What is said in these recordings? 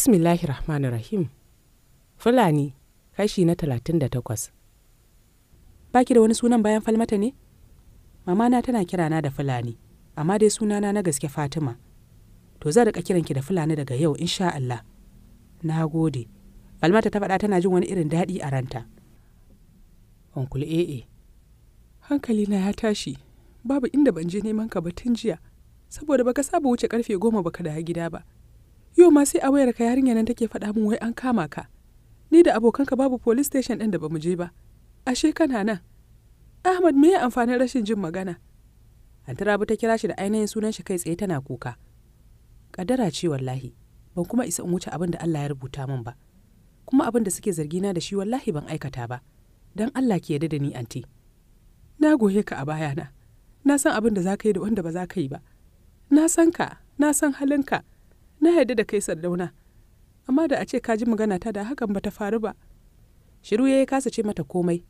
Bismillahi Rahmanir Rahim. Fulani, kashi na talatin da takwas. Baki da wani sunan bayan falmata ne? Mamana tana kirana da Fulani, amma dai sunana na gaske Fatima. To za ka kiran ki da Fulani daga yau insha Allah. Na gode. Falmata ta faɗa tana jin wani irin daɗi a ranta. Onkul AA. Hankali na ya tashi. Babu inda ban je neman ka ba tun jiya. Saboda baka saba wuce karfe goma baka da gida ba. yau ma sai a wayar ka yarinya nan take faɗa min wai an kama ka ni da abokanka babu police station ɗin da bamu je ba ashe kana nan ahmad me ya amfanin rashin jin magana antarabu ta kira shi da ainihin sunan shi kai tsaye tana kuka kadara ce wallahi ban kuma isa in wuce abin da Allah ya rubuta min ba kuma abin da suke na da shi wallahi ban aikata ba dan Allah ke yarda da ni anti na goye ka a bayana na san abin da za ka yi da wanda ba za ka yi ba na san ka na san halinka na yarda da kai sardauna amma da a ce ka ji magana ta da hakan bata faru ba shiru ya kasa ce mata komai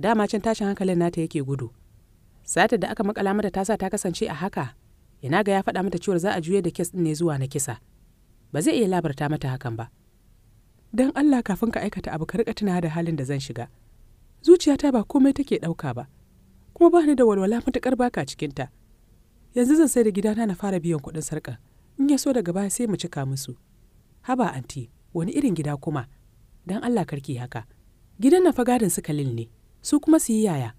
dama can tashin hankalin nata yake gudu sata da aka makala mata ta sa ta kasance a haka ina ga ya faɗa mata cewa za a juye da kes ne zuwa na kisa ba zai iya labarta mata hakan ba dan allah kafin ka aikata abu ka rika tuna da halin da zan shiga zuciyata ba komai take ɗauka ba kuma bani da walwala matuƙar baka cikinta yanzu zan sai da gidana na fara biyan kuɗin sarƙa in ya so daga baya sai mu cika musu haba anti wani irin gida kuma don allah karki haka gidan na fagadin su kalil ne su kuma su yi yaya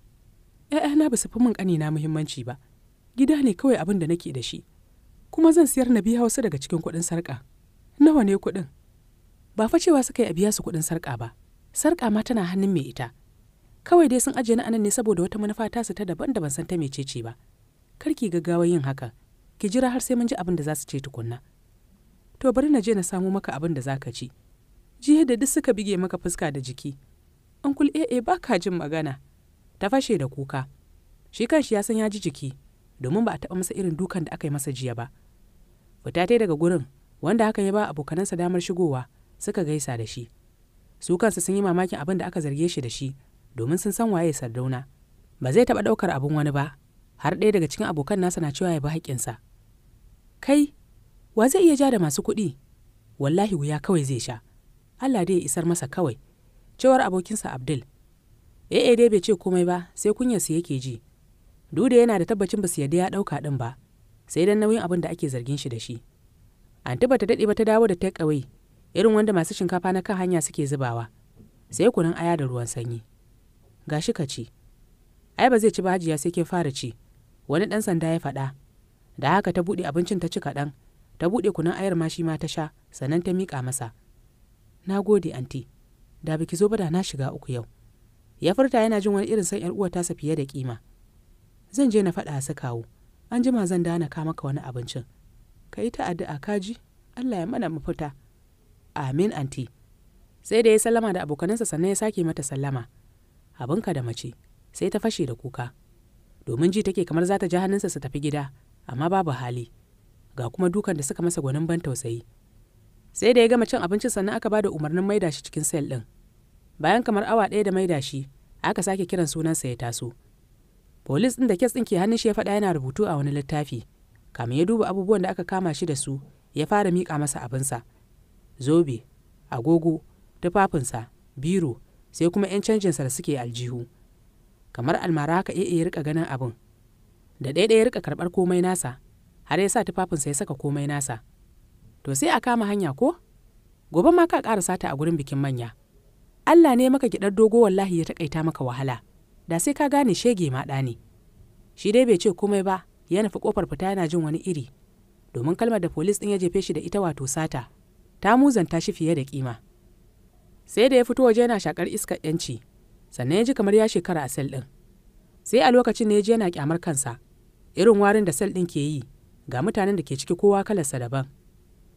‘ya'yana ba su fi min ƙanina muhimmanci ba gida ne kawai abin da nake da shi kuma zan siyar na biya wasu daga cikin kuɗin sarƙa nawa ne kuɗin ba fa cewa suka yi a biya su kuɗin sarƙa ba sarƙa ma tana hannun mai ita kawai dai sun ajiye na anan ne saboda wata manufa ta su ta daban da ban san ta mecece ba karki gaggawa yin hakan ki jira har sai mun ji abin da za su ce tukunna to bari na je na samo maka abin da za ka ci jiya da duk suka bige maka fuska da jiki kul ee ba ka jin magana ta fashe da kuka shi kanshi ya san ya ji jiki domin ba a taɓa masa irin dukan da aka yi masa jiya ba fita ta daga gurin wanda haka ya ba abokanansa damar shigowa suka gaisa da shi su kansa sun yi mamakin abin da aka zarge shi da shi domin sun san waye sardauna ba zai taɓa ɗaukar abin wani ba har ɗaya daga cikin abokan nasa na cewa ya bi haƙƙinsa kai wa zai iya ja da masu kuɗi wallahi wuya kawai zai sha allah dai ya isar masa kawai cewar abokinsa abdul A eh, eh, dai bai ce komai ba sai su yake ji duda yana da tabbacin ba su yarda ya ɗauka ɗin ba sai dan nauyin abin da ake zargin shi da shi anti ta daɗe ba ta dawo da ta takeaway irin wanda masu shinkafa na kan hanya suke zubawa sai kunan aya da ruwan sanyi gashi ka ci ai ba zai ci ba hajiya sai ke fara ci wani ɗan sanda ya faɗa da haka ta buɗe abincin ta ci kaɗan ta buɗe kunan ayar ma shi ma ta sha sannan ta miƙa masa na gode anti da biki zo ba da na shiga uku yau ya furta yana jin wani irin san yar uwa tasa fiye da kima zan je na faɗa su sakawo an jima zan dana ka maka wani abincin ka yi ta addu'a kaji Allah ya mana mafita amin anti sai da ya sallama da abokanansa sannan ya sake mata sallama abinka da mace sai ta fashe da kuka domin ji take kamar za ta ji hannunsa su tafi gida amma babu hali ga kuma dukan da suka masa gwanin ban tausayi sai da ya gama cin abincin sannan aka ba da umarnin maida shi cikin sel ɗin bayan kamar awa ɗaya da maida shi aka sake kiran sunansa ya taso polis ɗin da kes ɗin ke hannun shi ya faɗa yana rubutu a wani littafi kamin ya duba abubuwan da aka kama shi da su ya fara miƙa masa abinsa zobe agogo tufafinsa biro sai kuma 'yan canjinsa da suke aljihu kamar almara haka iya rika ganin abin da ɗaya ɗaya rika karɓar komai nasa har ya sa tufafinsa ya saka komai nasa to sai a kama hanya ko gobe ma ka ƙara sata a gurin bikin manya Allah ne maka gidar dogo wallahi ya taƙaita maka wahala da sai ka gane shege ma ɗa ne shi dai bai ce komai ba ya nufi ƙofar fita yana jin wani iri domin kalmar da polis ɗin ya jefe shi da ita wato sata ta muzanta shi fiye da kima sai da ya fito waje yana shakar iskar yanci sannan ya ji kamar ya shekara asal ɗin sai a lokacin ne ya ji yana kyamar kansa irin warin da sel ɗin ke yi ga mutanen da ke ciki kowa kalarsa daban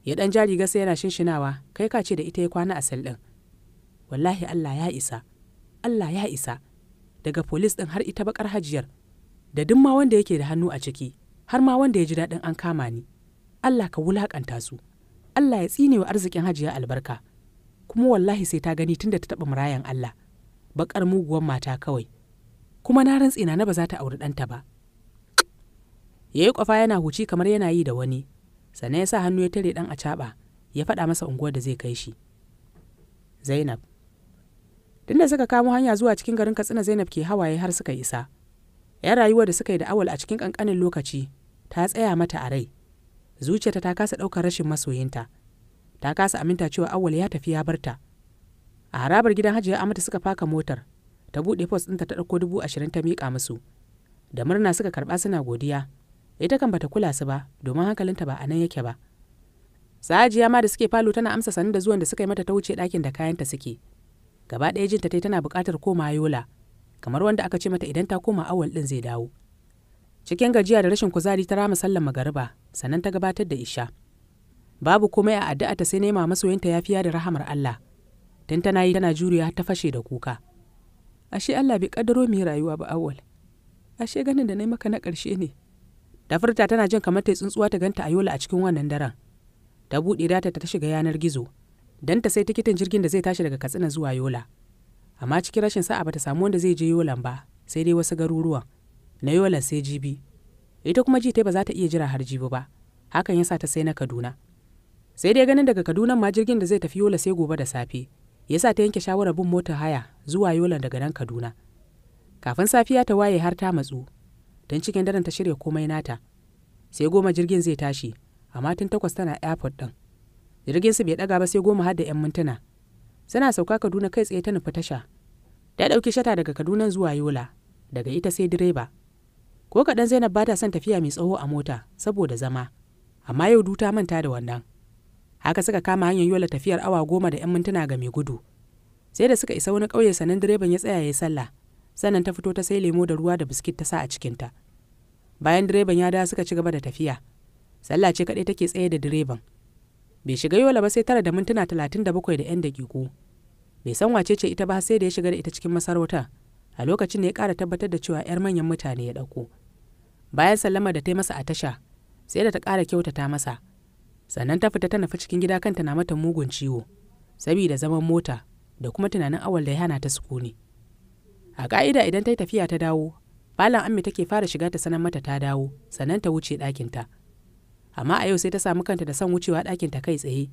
ya ɗan jari gasa yana shinshinawa kai ka ce da ita ya kwana a sel ɗin wallahi allah ya isa allah ya isa daga polis ɗin har ita bakar hajiyar da duk ma wanda yake da hannu a ciki har ma wanda ya ji daɗin an kama ni allah ka wulaƙanta su allah ya tsine wa arzikin hajiya albarka kuma wallahi sai ta gani tunda ta taɓa murayan allah baƙar muguwan mata kawai kuma na rantse na ba za ta auri ɗanta ba ya yi kwafa yana huci kamar yana yi da wani sannan ya sa hannu ya tare dan a caɓa ya faɗa masa unguwar da zai kai shi zainab tunda suka kamo hanya zuwa cikin garin katsina zainab ke hawaye har suka isa yan rayuwar da suka yi da awal a cikin kankanin lokaci ta tsaya mata a rai zuciyarta ta kasa ɗaukar rashin masoyinta ta kasa aminta cewa awal ya tafi ya barta a harabar gidan hajiya amata suka faka motar ta buɗe fos ɗinta ta ɗauko dubu ashirin ta miƙa musu da murna suka karɓa suna godiya ita kan bata kula su ba domin hankalinta ba a nan yake ba sa'ajiya ma da suke falo tana amsa sanin da zuwan da suka yi mata ta wuce ɗakin da kayanta suke gaba ɗaya jinta tai tana buƙatar koma yola kamar wanda aka ce mata idan ta koma awal ɗin zai dawo cikin gajiya da rashin kuzari ta rama sallan magariba sannan ta gabatar da isha babu komai a addu'a ta sai nema masoyinta yafiya da rahamar Allah tun tana yi tana juriya ta fashe da kuka ashe Allah bai kaddaro mu rayuwa ba awal ashe ganin da na maka na ƙarshe ne da furta tana jin kamar ta tsuntsuwa ta ganta a yola a cikin wannan daren ta buɗe data ta shiga yanar gizo don ta sai tikitin jirgin da zai tashi daga katsina zuwa yola amma cikin rashin sa'a bata samu wanda zai je yolan ba sai dai wasu garuruwan na yolan sai jibi ita kuma ji ta ba za ta iya jira har jibi ba hakan ya sa ta sai na kaduna sai dai ganin daga kaduna ma jirgin da zai tafi yola sai gobe da safe ya sa ta yanke shawarar bin mota haya zuwa yola daga nan kaduna kafin safiya ta waye har ta matsu don cikin daren ta shirya komai nata sai goma jirgin zai tashi amma tun takwas tana airport ɗin jirgin su bai ɗaga ba sai goma har da 'yan mintuna suna sauka kaduna kai tsaye ta nufi tasha ta ɗauki shata daga kaduna zuwa yola daga ita sai direba ko kaɗan zainab ba ta son tafiya mai tsawo a mota saboda zama amma yau duta manta da wannan haka suka kama hanyar yola tafiyar awa goma da 'yan mintuna ga mai gudu sai da suka isa wani ƙauye sannan direban ya tsaya ya sallah sannan ta fito ta sai lemo da ruwa da biskit ta sa a cikinta bayan direban ya dawo suka ci gaba da tafiya sallah ce kaɗai take tsaye da direban bai shiga yola ba sai tara da mintuna talatin da bakwai da yan daƙiƙu bai san wace ce ita ba sai da ya shiga da ita cikin masarauta a lokacin da ya ƙara tabbatar da cewa 'yar manyan mutane ya ɗauko bayan sallama da ta masa a tasha sai da ta ƙara kyautata masa sannan ta fita ta nufi cikin gida kanta na mata mugun ciwo saboda zaman mota da kuma tunanin awal da ya hana ta sukuni. a ka'ida idan ta yi tafiya ta dawo falon ammi take fara shiga ta sanar mata ta dawo sannan ta wuce ɗakinta amma a yau sai ta samu kanta da son wucewa ɗakinta kai tsaye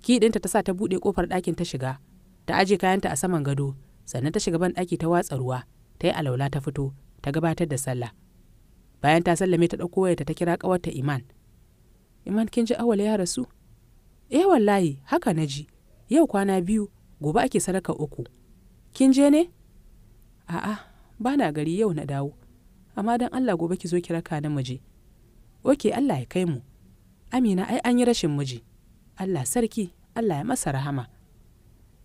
ki ɗinta ta sa ta buɗe ƙofar ɗakin ta shiga ta aje kayanta a saman gado sannan ta shiga ban ɗaki ta watsa ruwa ta yi alaula ta fito ta gabatar da sallah bayan ta sallame ta ɗauko wayarta ta kira ƙawarta iman iman kin ji awal ya rasu eh wallahi haka na ji yau kwana biyu gobe ake sadaka uku kin je ne a'a ba na gari yau na dawo amma don allah gobe ki zo ki raka na miji oke allah ya kai mu amina ai an yi rashin miji allah sarki allah ya masa rahama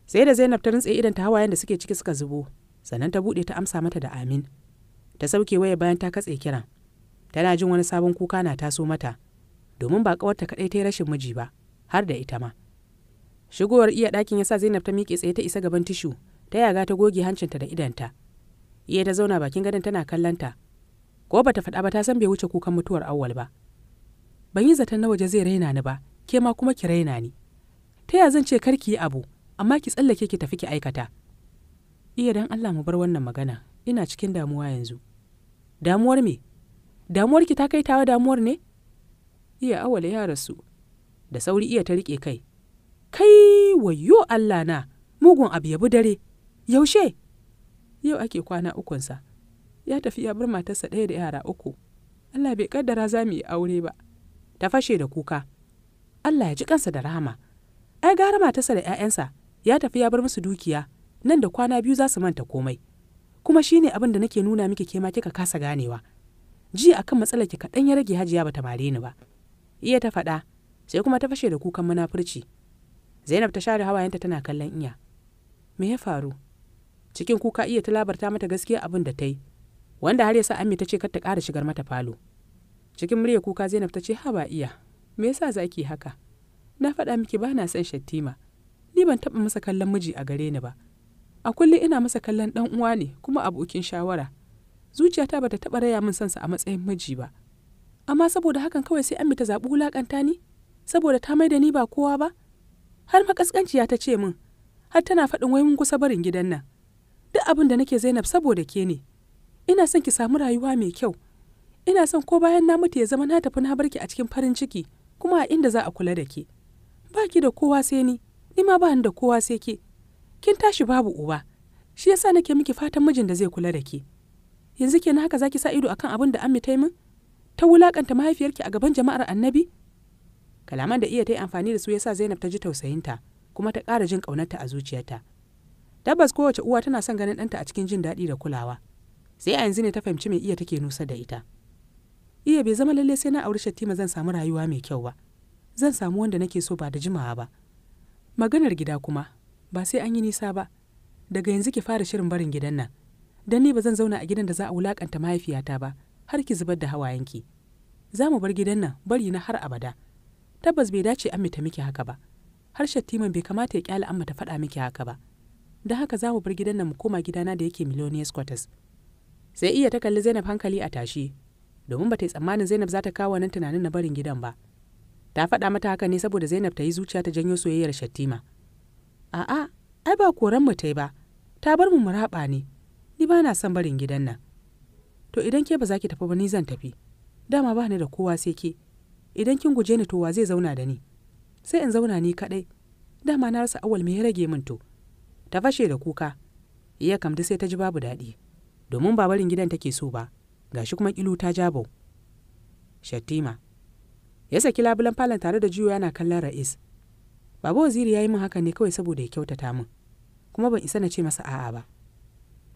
sai da zainab ta rintse idan ta hawayen da suke ciki suka zubo sannan ta buɗe ta amsa mata da amin ta sauke waya bayan ta katse kiran tana jin wani sabon kuka na taso mata domin ba kawarta kaɗai ta yi rashin miji ba har da ita ma shigowar iya ɗakin ya sa zainab ta miƙe tsaye ta isa gaban tishu ta yaga ta goge hancinta da idanta iya ta zauna bakin gadon tana kallon ta ko bata faɗa ba ta san bai wuce kukan mutuwar awwal ba ban yi zaton na waje zai raina ni ba ke ma kuma ki raina ni ta ya zan ce kar ki yi abu amma ki tsallake ki tafi ki aikata iya dan Allah mu bar wannan magana ina cikin damuwa yanzu damuwar me damuwar ki ta kai tawa damuwar ne iya awwal ya rasu da sauri iya ta riƙe kai kai wayo Allah na mugun abu ya bu dare yaushe yau ake kwana ukunsa ya tafi ya bar matarsa ɗaya da yara uku Allah bai kaddara za mu yi aure ba ta fashe da kuka Allah ya ji kansa da rahama ai gara matarsa da 'ya'yansa ya tafi ya bar musu dukiya nan da kwana biyu za su manta komai kuma shine abin da nake nuna miki kema kika kasa ganewa jiya akan matsalar ki kaɗan ya rage hajiya bata mare ni ba iya ta faɗa sai kuma ta fashe da kukan munafurci zainab ta share hawayenta tana kallon iya me ya faru cikin kuka iya talabarta mata gaskiya abin da ta yi wanda har yasa ami ta ce kar ta ƙara shigar mata falo cikin murya kuka zainab ta ce ha ba iya me yasa za ki haka na faɗa miki ba na son shattima ni ban taɓa masa kallon miji a gare ni ba a kullum ina masa kallon ɗan uwa ne kuma abokin shawara zuciyata bata taɓa raya min sansa a matsayin miji ba amma saboda hakan kawai sai ammi ta zaɓi wulaƙanta ni saboda ta mai da ni ba kowa ba har makaskanciya ta ce min har tana faɗin wai mun kusa barin gidan nan duk abin da nake zainab saboda ke ne ina son ki samu rayuwa mai kyau ina son ko bayan na mutu ya zama na tafi na barki a cikin farin ciki kuma a inda za a kula da ke ba ki da kowa sai ni ni ma ba ni da kowa sai ke kin tashi babu uba shi yasa nake miki fatan mijin da zai kula da ke yanzu kenan haka zaki sa ido akan abin da ammi ta min ta wulakanta mahaifiyarki a gaban jama'ar annabi kalaman da iya ta yi amfani da su yasa zainab ta ji tausayinta kuma ta ƙara jin ƙaunarta a zuciyarta tabbas kowace uwa tana son ganin ɗanta a cikin jin daɗi da kulawa sai a yanzu ne ta fahimci mai iya take nusa da ita iya bai zama lalle sai na auri shattima zan samu rayuwa mai kyau ba zan samu wanda nake so ba da jimawa ba maganar gida kuma ba sai an yi nisa ba daga yanzu ki fara shirin barin gidan nan dan ni ba zan zauna a gidan da za a wulakanta mahaifiyata ba har ki zubar da hawayenki za mu bar gidan nan bari na har abada tabbas bai dace an ta miki haka ba har shattiman bai kamata ya kyale amma ta faɗa miki haka ba da haka za mu bar gidan nan mu koma gidana da yake millionaires quarters sai iya ta kalli zainab hankali a tashi domin bata yi tsammanin zainab za ta kawo nan tunanin na barin gidan ba ta faɗa mata haka ne saboda zainab ta yi zuciya ta janyo soyayyar shattima a'a ai ba koran mu ta yi ba ta bar mu muraɓa ne ni ba na son barin gidan nan to idan ke ba za ki tafi ba ni zan tafi dama ba ni da kowa sai ke idan kin guje ni to wa zai zauna da ni sai in zauna ni kaɗai dama na rasa awal me ya rage min to ta fashe da kuka iya kamta sai ta ji babu daɗi domin ba barin gidan take so ba ga shi kuma kilu ta jabo. shattima ya saki labulan falon tare da juyo yana kallon ra'is Babu waziri ya yi min haka ne kawai saboda ya kyautata min kuma ban isa na ce masa a'a ba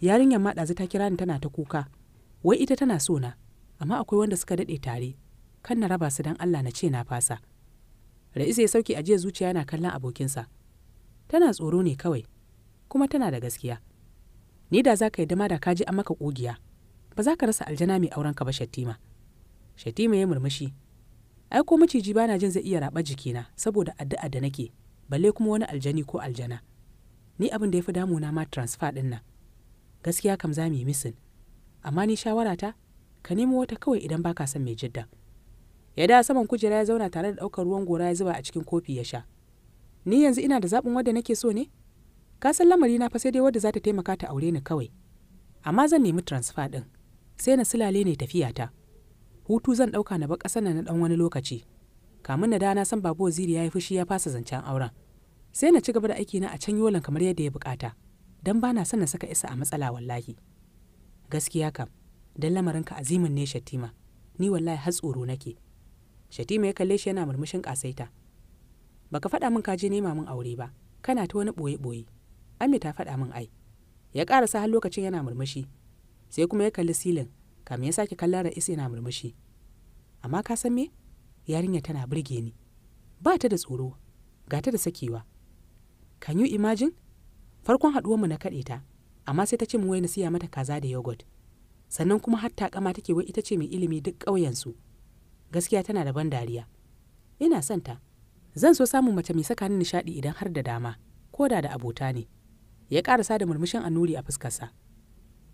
yarinyar maɗazu ta kira ni tana ta kuka wai ita tana so na amma akwai wanda suka daɗe tare kan na raba su don allah na ce na fasa ra'is ya sauki ajiyar zuciya yana kallon abokinsa tana tsoro ne kawai kuma tana da gaskiya ni da za ka yi dama da ka ji an maka ƙugiya ba za ka rasa aljana mai auren ka ba Shatima. Shatima ya murmushi ai ko maciji bana jin zai iya raɓa jikina saboda addu'a da nake balle kuma wani aljani ko aljana ni abin da ya fi damuna ma transfer ɗin nan gaskiya kam za mu yi misin amma ni shawara ta ka nemo wata kawai idan baka son mai jidda ya da saman kujera ya zauna tare da ɗaukar ruwan gora ya zuba a cikin kofi ya sha ni yanzu ina da zaɓin wanda nake so ne ka san lamari na fa sai dai wadda za ta taimaka ta aure ni kawai amma zan nemi transfer ɗin sai na sulale ne tafiyata hutu zan ɗauka na ba ƙasar na ɗan wani lokaci kamun na dana san babu waziri ya yi fushi ya fasa zancen auren sai na ci gaba da aiki na a can yolan kamar yadda ya bukata dan ba na son na saka isa a matsala wallahi gaskiya kam lamarin ka azimin ne shatima ni wallahi har tsoro nake shatima ya kalle shi yana murmushin kasaita baka faɗa min ka je nema min aure ba kana ta wani ɓoye boye ami ta faɗa min ai ya ƙara har lokacin yana murmushi sai kuma ya kalli silin kamin ya sake kallon isa yana murmushi amma ka san me yarinya tana burge ni ba ta da tsoro ga ta da sakewa can you imagine farkon mu na kaɗe ta amma sai ta ce mu wai na siya mata kaza da yogurt sannan kuma hatta kama take wai ita ce mai ilimi duk ƙauyensu gaskiya tana da ban dariya ina son ta zan so samun mace mai saka ni nishaɗi idan har da dama ko da da abota ne ya karasa da murmushin annuri a fuskarsa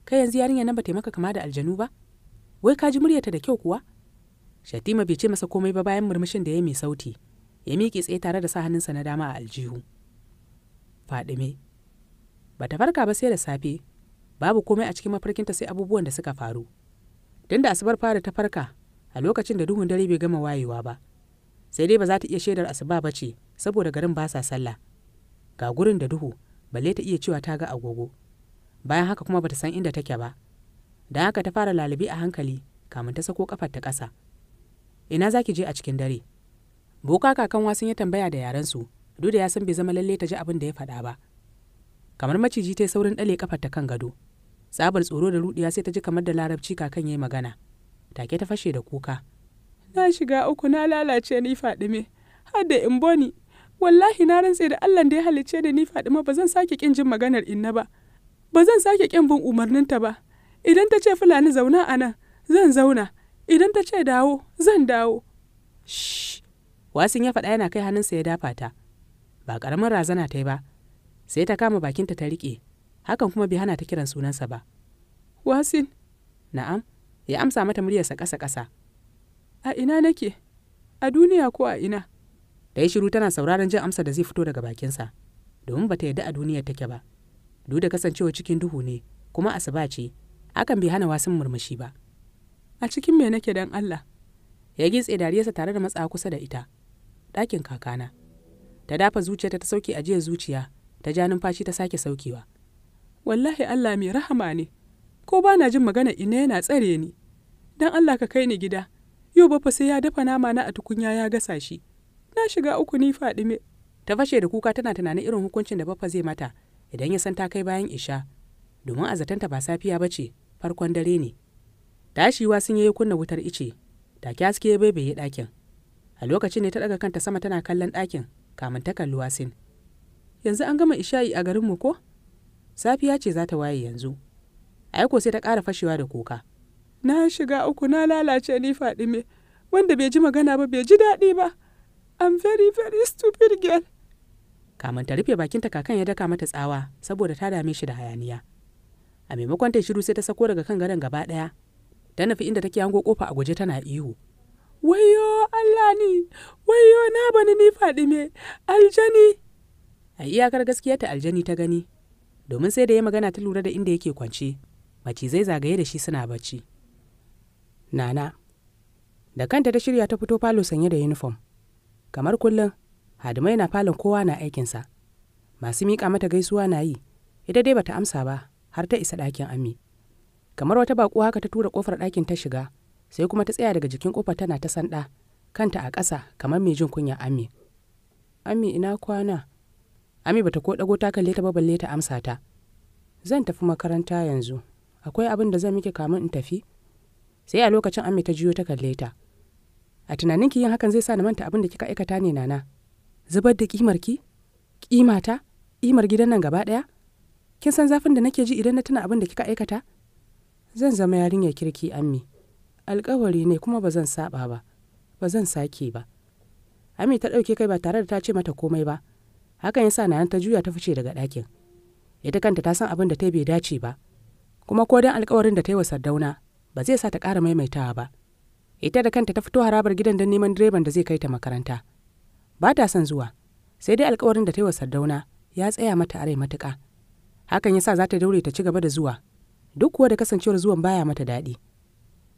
kai yanzu yarinya nan ba ta maka kama da aljanu ba wai ka ji muryarta da kyau kuwa shatima bai ce masa komai ba bayan murmushin da ya mai sauti ya miƙe tsaye tare da sa hannunsa na dama a aljihu fadime ba ta farka ba sai da safe babu komai a cikin mafarkinta sai abubuwan da suka faru don da asubar fara ta farka a lokacin da duhun dare bai gama wayewa ba sai dai ba za ta iya shaidar asuba ba ce saboda garin ba sa sallah ga gurin da duhu balle ta iya cewa ta ga agogo bayan haka kuma bata san inda take ba da haka ta fara lalubi a hankali kamin ta sako kafar ta ƙasa ina zaki je a cikin dare boka kakan sun yi tambaya da yaran su duk da ya san bai zama lalle ta ji abin da ya faɗa ba kamar maciji ta saurin ɗale kafar ta kan gado tsabar tsoro da rudiya sai ta ji kamar da larabci kakan ya yi magana take ta fashe da kuka na shiga uku na lalace ni faɗi me har da in boni wallahi na rantse da Allah da ya halicce da ni Fadima ba zan sake kin jin maganar inna ba ba zan sake kin bin umarninta ba idan ta ce fulani zauna a nan zan zauna idan ta ce dawo zan dawo wasin ya faɗa yana kai hannunsa ya dafa ta ba ƙaramin razana ta yi ba sai ta kama bakinta ta riƙe hakan kuma bai hana ta kiran sunansa ba wasin na'am ya amsa mata muryarsa ƙasa-ƙasa a ina nake a duniya ko a ina ta yi shiru tana sauraron jin amsa da zai fito daga bakinsa domin ba ta yadda a duniyar take ba duk da kasancewa cikin duhu ne kuma asuba ce akan bai hana wasan murmushi ba a cikin me nake dan Allah ya gitse dariyarsa tare da matsa kusa da ita ɗakin kakana ta dafa zuciyarta ta sauke jiya zuciya ta ja numfashi ta sake saukewa wallahi Allah mai rahama ne ko ba na jin magana ina yana tsare ni dan Allah ka kai ni gida yau ba fa sai ya dafa nama na a tukunya ya gasa shi na shiga uku ni fadime ta fashe da kuka tana tunanin irin hukuncin da baffa zai mata idan ya san ta kai bayan isha domin a ta ba safiya ba ce farkon dare ne tashiwa sun yi kunna wutar ice da haske ya yi ɗakin a lokacin ne ta ɗaga kanta sama tana kallon ɗakin kamin ta kalli wasin yanzu an gama isha'i a garinmu ko safiya ce za ta waye yanzu aiko sai ta ƙara fashewa da kuka na shiga uku na lalace ni faɗi me wanda bai ji magana ba bai ji daɗi ba I'm very very stupid girl. Kamin ta rufe bakinta kakan ya daka mata tsawa saboda ta dame shi da hayaniya. A maimakon ta shiru sai ta sako daga kan gadon gaba ɗaya. Ta nufi inda take hango kofa a guje tana ihu. Wayo Allah ni, wayo na bani ni Fadime, aljani. A iyakar gaskiya ta aljani ta gani, domin sai da ya magana ta lura da inda yake kwance, macizai zagaye da shi suna bacci. Nana, da kanta ta shirya ta fito falo sanye da uniform. kamar kullum hadimai na falon kowa na aikinsa masu miƙa mata gaisuwa na yi ita dai bata amsa ba har ta isa ɗakin ami kamar wata baƙo haka ta tura ƙofar ɗakin ta shiga sai kuma ta tsaya daga jikin ƙofar tana ta sanda kanta a ƙasa kamar mai jin kunya ami ami ina kwana ami bata ko ɗago ta kalle ta ba balle ta amsa ta zan tafi makaranta yanzu akwai abin da zan miki kamun in tafi sai a lokacin ami ta jiyo ta kalle ta a tunanin ki yin hakan zai sa na manta abin da kika aikata ne nana zubar da kimar ki kimata kimar gidan nan gaba daya kin san zafin da nake ji idan na tuna abin da kika aikata zan zama yarinyar kirki ammi alkawari ne kuma ba zan saba ba ba zan sake ba ammi ta ɗauke kai ba tare da ta ce mata komai ba hakan yasa nana ta juya ta fice daga dakin. ita kanta ta san abin da ta bai dace ba kuma ko dan alkawarin da ta yi wa sardauna ba zai sa ta kara maimaitawa ba ita da kanta ta fito harabar gidan don neman direban da zai kai ta makaranta ba ta son zuwa sai dai alkawarin da ta yi wa sardauna ya tsaya mata a rai matuƙa hakan ya sa za ta daure ta ci gaba da zuwa duk kuwa da kasancewar zuwan baya mata daɗi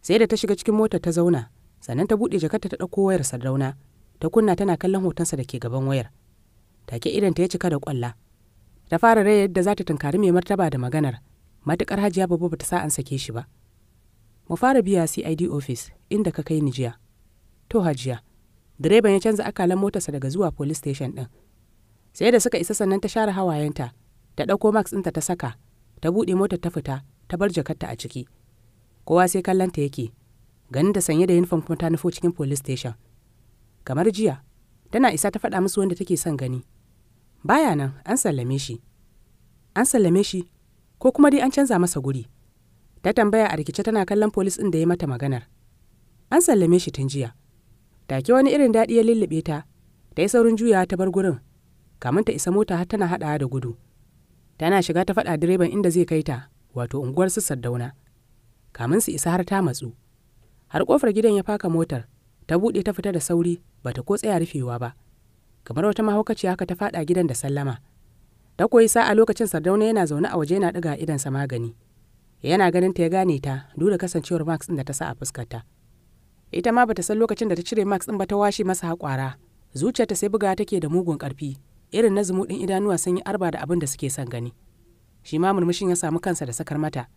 sai da ta shiga cikin motar ta zauna sannan ta buɗe jakarta ta ɗauko wayar sardauna ta kunna tana kallon hotonsa da ke gaban wayar take idan ta ya cika da ƙwalla ta fara raya yadda za ta tunkari mai martaba da maganar matuƙar hajiya babu ba ta sa an sake shi ba mu fara biya cid office inda ka kai ni jiya to hajiya direban ya canza akalan motarsa daga zuwa police station ɗin sai da suka isa sannan ta share hawayenta ta ɗauko max ɗinta ta saka ta buɗe motar ta fita ta bar jakarta a ciki kowa sai kallon ta yake ganin da sanye da yunifom kuma ta nufo cikin police station kamar jiya tana isa ta faɗa musu wanda take son gani baya nan an sallame shi an sallame shi ko kuma dai an canza masa guri ta tambaya a rikice tana kallon polis ɗin da ya mata maganar an sallame shi tun jiya take wani irin daɗi ya lullube ta ta yi saurin juyawa ta bar gurin kamin ta isa mota har tana haɗawa da gudu tana shiga ta faɗa direban inda zai kai ta wato unguwar su sardauna Kamun su isa har ta matsu har ƙofar gidan ya faka motar ta buɗe ta fita da sauri ba ta ko tsaya rufewa ba kamar wata mahaukaci haka ta faɗa gidan da sallama ta koyi sa'a lokacin sardauna yana zaune a waje yana ɗiga idansa magani yana ganin ta ya gane ta duk da kasancewar max ɗin da ta sa a fuskarta ita ma bata san lokacin da ta cire max din ba ta washe masa haƙwara zuciyarta sai buga take da mugun karfi irin na zumuɗin idanuwa sun yi arba da abin da suke son gani shi ma murmushin ya samu kansa da sakar mata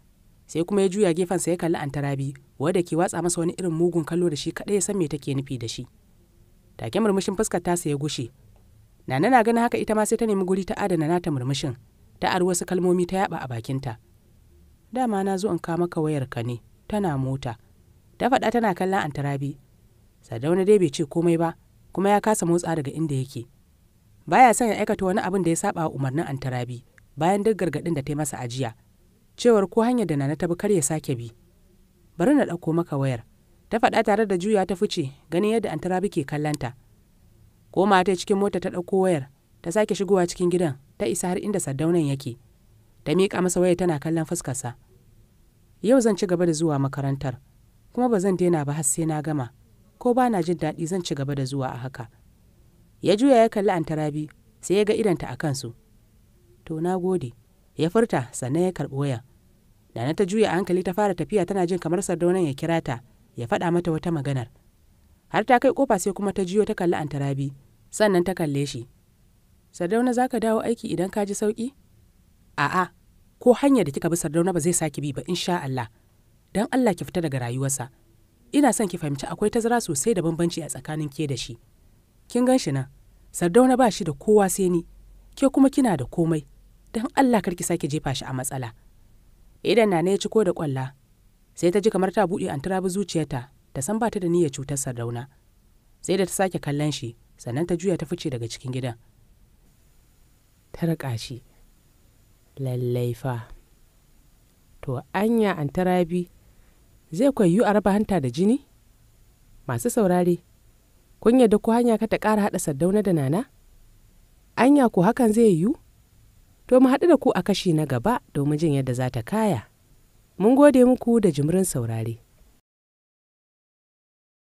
sai kuma ya juya gefensa ya kalli antarabi wadda ke watsa masa wani irin mugun kallo da shi kaɗai ya san me take nufi da shi take murmushin fuskar sai ya gushe nana na gani haka ita ma sai ta nemi guri ta adana nata murmushin ta ari wasu kalmomi ta yaba a bakinta dama na zo in ka maka wayarka ne tana mota ta faɗa tana kallon antarabi sadauna dai bai ce komai ba kuma ya kasa motsa daga inda yake baya son ya aikata wani abin da ya saba wa umarnin antarabi bayan duk gargaɗin da ta masa ajiya cewar ko hanyar da nana ta bi kar ya sake bi bari na ɗauko maka wayar ta faɗa tare da juya ta fice ganin yadda antarabi ke kallanta koma ta cikin mota ta ɗauko wayar ta sake shigowa cikin gidan ta isa har inda sadaunan yake ta miƙa masa waya tana kallon fuskarsa yau zan ci gaba da zuwa makarantar kuma ba zan daina ba har sai na gama ko ba na jin daɗi zan ci gaba da zuwa a haka ya juya ya kalli antarabi sai ya ga idanta a kansu to na gode ya furta sannan ya karɓi waya dana ta juya a hankali ta fara tafiya tana jin kamar sardaunan ya kira ta ya faɗa mata wata maganar har ta kai kofa sai kuma ta jiyo ta kalli antarabi sannan ta kalle shi sardauna za ka dawo aiki idan ka ji sauƙi a'a ko hanyar da kika bi sardauna ba zai sake bi ba insha Allah dan Allah ki fita daga rayuwarsa ina son ki fahimci akwai tazara sosai da bambanci a tsakanin ke da shi kin gan shi nan sardauna ba shi da kowa sai ni ke kuma kina da komai dan Allah kar ki sake jefa shi a matsala idan Nana ya ciko da kwalla sai ta ji kamar ta buɗe an turabi zuciyarta ta san ba ta da niyyar cutar sardauna sai da ta sake kallon shi sannan ta juya ta fice daga cikin gidan ta raka shi lallai fa to anya an tarabi zai kwayu a raba hanta da jini masu saurari kun yarda ku hanya ka ta ƙara haɗa sardauna da nana anya ku hakan zai yiwu to mu haɗu da ku a kashi na gaba domin jin yadda za ta kaya mun gode muku da jimirin saurari.